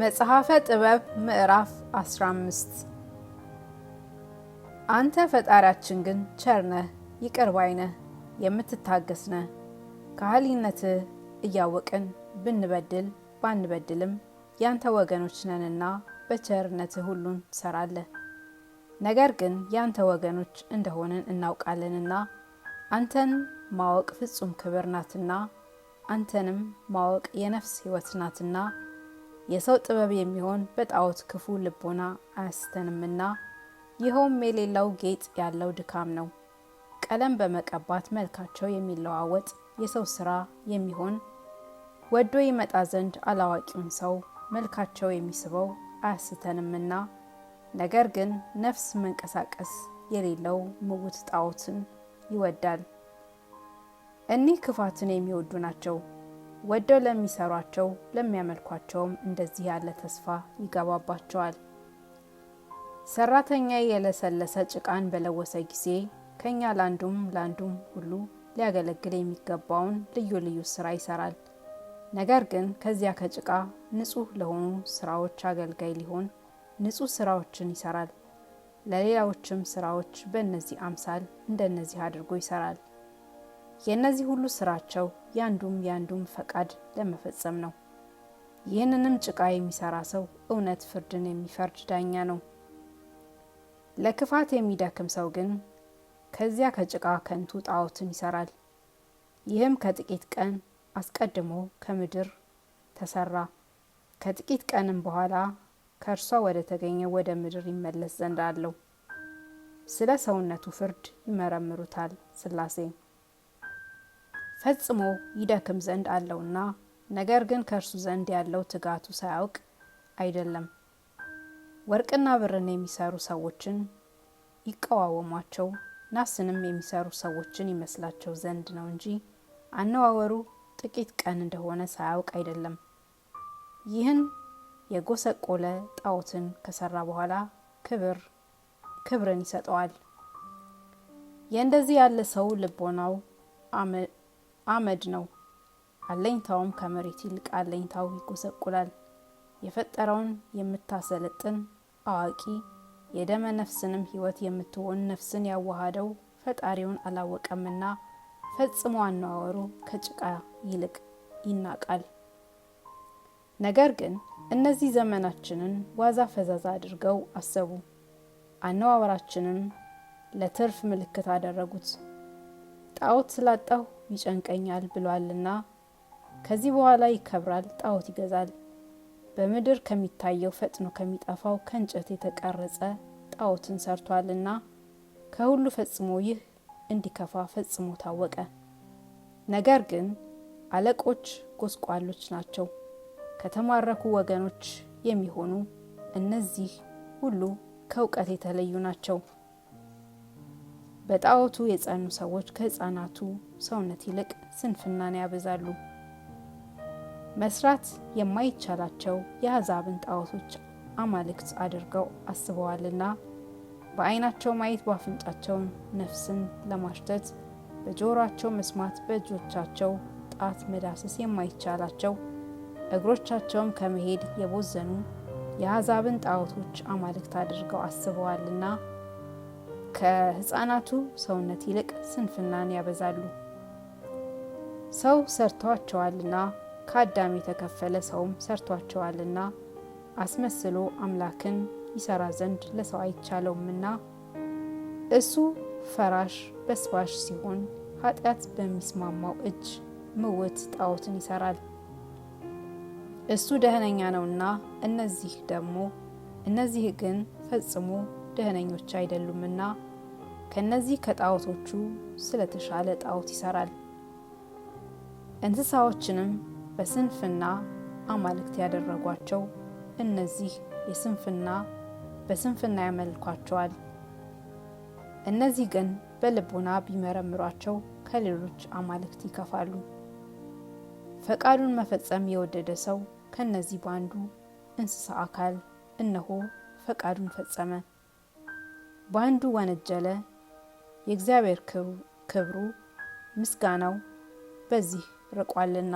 መጽሐፈ ጥበብ ምዕራፍ 15 አንተ ፈጣሪያችን ግን ቸርነህ ይቅር ባይነህ የምትታገስነህ ካህሊነትህ እያወቅን ብንበድል ባንበድልም ያንተ ወገኖች ነንና በቸርነትህ ሁሉን ትሰራለህ። ነገር ግን ያንተ ወገኖች እንደሆንን እናውቃለንና አንተን ማወቅ ፍጹም ክብር ናትና አንተንም ማወቅ የነፍስ ሕይወት ናትና የሰው ጥበብ የሚሆን በጣዖት ክፉ ልቦና አያስተንምና፣ ይኸውም የሌላው ጌጥ ያለው ድካም ነው። ቀለም በመቀባት መልካቸው የሚለዋወጥ የሰው ስራ የሚሆን ወዶ ይመጣ ዘንድ አላዋቂውን ሰው መልካቸው የሚስበው አያስተንምና፣ ነገር ግን ነፍስ መንቀሳቀስ የሌለው ምውት ጣዖትን ይወዳል። እኒህ ክፋትን የሚወዱ ናቸው። ወደው ለሚሰሯቸው ለሚያመልኳቸውም እንደዚህ ያለ ተስፋ ይገባባቸዋል። ሰራተኛ የለሰለሰ ጭቃን በለወሰ ጊዜ ከእኛ ለአንዱም ለአንዱም ሁሉ ሊያገለግል የሚገባውን ልዩ ልዩ ስራ ይሰራል። ነገር ግን ከዚያ ከጭቃ ንጹህ ለሆኑ ስራዎች አገልጋይ ሊሆን ንጹህ ስራዎችን ይሰራል። ለሌላዎችም ስራዎች በእነዚህ አምሳል እንደነዚህ አድርጎ ይሰራል። የእነዚህ ሁሉ ስራቸው የአንዱም የአንዱም ፈቃድ ለመፈጸም ነው። ይህንንም ጭቃ የሚሰራ ሰው እውነት ፍርድን የሚፈርድ ዳኛ ነው። ለክፋት የሚደክም ሰው ግን ከዚያ ከጭቃ ከንቱ ጣዖትን ይሰራል። ይህም ከጥቂት ቀን አስቀድሞ ከምድር ተሰራ፣ ከጥቂት ቀንም በኋላ ከእርሷ ወደ ተገኘ ወደ ምድር ይመለስ ዘንድ አለው። ስለ ሰውነቱ ፍርድ ይመረምሩታል ስላሴ። ፈጽሞ ይደክም ዘንድ አለውና፣ ነገር ግን ከእርሱ ዘንድ ያለው ትጋቱ ሳያውቅ አይደለም። ወርቅና ብርን የሚሰሩ ሰዎችን ይቀዋወሟቸው፣ ናስንም የሚሰሩ ሰዎችን ይመስላቸው ዘንድ ነው እንጂ አነዋወሩ ጥቂት ቀን እንደሆነ ሳያውቅ አይደለም። ይህን የጎሰቆለ ጣዖትን ከሰራ በኋላ ክብር ክብርን ይሰጠዋል። የእንደዚህ ያለ ሰው ልቦናው አመድ ነው። አለኝታውም ከመሬት ይልቅ አለኝታው ይጎሰቁላል። የፈጠረውን የምታሰለጥን አዋቂ የደመ ነፍስንም ህይወት የምትሆን ነፍስን ያዋሃደው ፈጣሪውን አላወቀምና ፈጽሞ አነዋወሩ ከጭቃ ይልቅ ይናቃል። ነገር ግን እነዚህ ዘመናችንን ዋዛ ፈዛዛ አድርገው አሰቡ፣ አነዋወራችንም ለትርፍ ምልክት አደረጉት። ጣዖት ስላጣሁ ይጨንቀኛል ብሏልና ከዚህ በኋላ ይከብራል፣ ጣዖት ይገዛል። በምድር ከሚታየው ፈጥኖ ከሚጠፋው ከእንጨት የተቀረጸ ጣዖትን ሰርቷልና ከሁሉ ፈጽሞ ይህ እንዲከፋ ፈጽሞ ታወቀ። ነገር ግን አለቆች ጎስቋሎች ናቸው። ከተማረኩ ወገኖች የሚሆኑ እነዚህ ሁሉ ከእውቀት የተለዩ ናቸው። በጣዖቱ የጸኑ ሰዎች ከህፃናቱ ሰውነት ይልቅ ስንፍናን ያበዛሉ። መስራት የማይቻላቸው የአሕዛብን ጣዖቶች አማልክት አድርገው አስበዋልና በዓይናቸው ማየት፣ በአፍንጫቸው ነፍስን ለማሽተት፣ በጆሯቸው መስማት፣ በእጆቻቸው ጣት መዳሰስ የማይቻላቸው እግሮቻቸውም ከመሄድ የቦዘኑ የአሕዛብን ጣዖቶች አማልክት አድርገው አስበዋልና ከህፃናቱ ሰውነት ይልቅ ስንፍናን ያበዛሉ። ሰው ሰርቷቸዋልና ከአዳም የተከፈለ ሰውም ሰርቷቸዋልና አስመስሎ አምላክን ይሰራ ዘንድ ለሰው አይቻለውምና እሱ ፈራሽ በስባሽ ሲሆን ኃጢአት በሚስማማው እጅ ምውት ጣዖትን ይሰራል። እሱ ደህነኛ ነውና እነዚህ ደግሞ እነዚህ ግን ፈጽሞ ደህነኞች አይደሉምና ከነዚህ ከጣዖቶቹ ስለተሻለ ጣዖት ይሰራል። እንስሳዎችንም በስንፍና አማልክት ያደረጓቸው እነዚህ የስንፍና በስንፍና ያመልኳቸዋል። እነዚህ ግን በልቦና ቢመረምሯቸው ከሌሎች አማልክት ይከፋሉ። ፈቃዱን መፈጸም የወደደ ሰው ከነዚህ በአንዱ እንስሳ አካል እነሆ ፈቃዱን ፈጸመ። በአንዱ ወነጀለ። የእግዚአብሔር ክብሩ ምስጋናው በዚህ ርቋልና